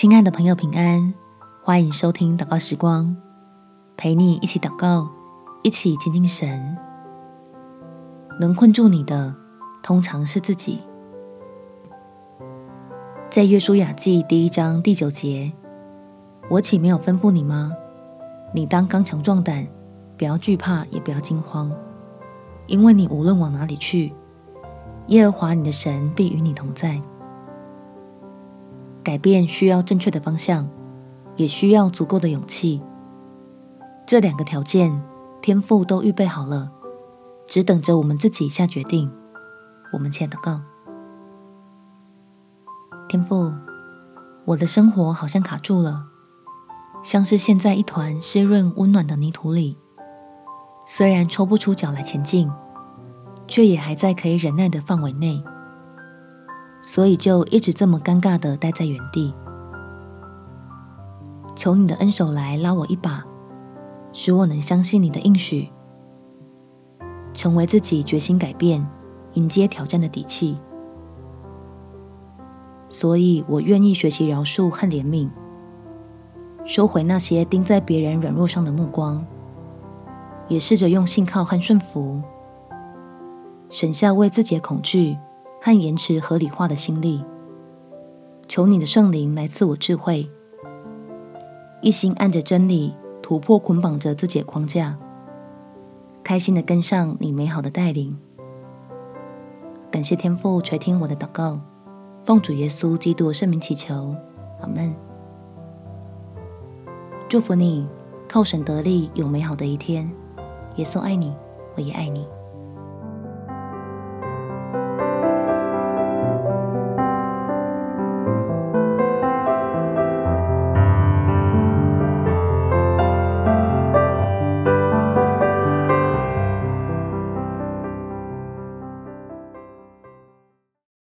親愛的朋友，平安，歡迎收聽禱告時光，陪你一起禱告，一起親近神。能困住你的，通常是自己。在約書亞記第一章第九節，我豈沒有吩咐你嗎？你當剛強壯膽，不要懼怕，也不要驚慌，因為你無論往哪裡去，耶和華你的神必與你同在。改變需要正確的方向，也需要足夠的勇氣。這兩個條件，天父都預備好了，只等着我們自己下決定。我們欠的禱告。天父，我的生活好像卡住了，像是陷在一團濕潤溫暖的泥土裡，雖然抽不出腳來前進，卻也還在可以忍耐的範圍內。所以就一直這麼尷尬的待在原地，求你的恩手來拉我一把，使我能相信你的應許，成為自己決心改變、迎接挑戰的底氣。所以我願意學習饒恕和憐憫，收回那些盯在別人軟弱上的目光，也試着用信靠和順服，省下為自己的恐懼。和延遲合理化的心力，求你的聖靈來賜我智慧，一心按着真理突破捆綁着自己的框架，開心的跟上你美好的帶領。感謝天父垂聽我的禱告，奉主耶穌基督聖名祈求，阿門。祝福你，靠神得力，有美好的一天。耶穌愛你，我也愛你。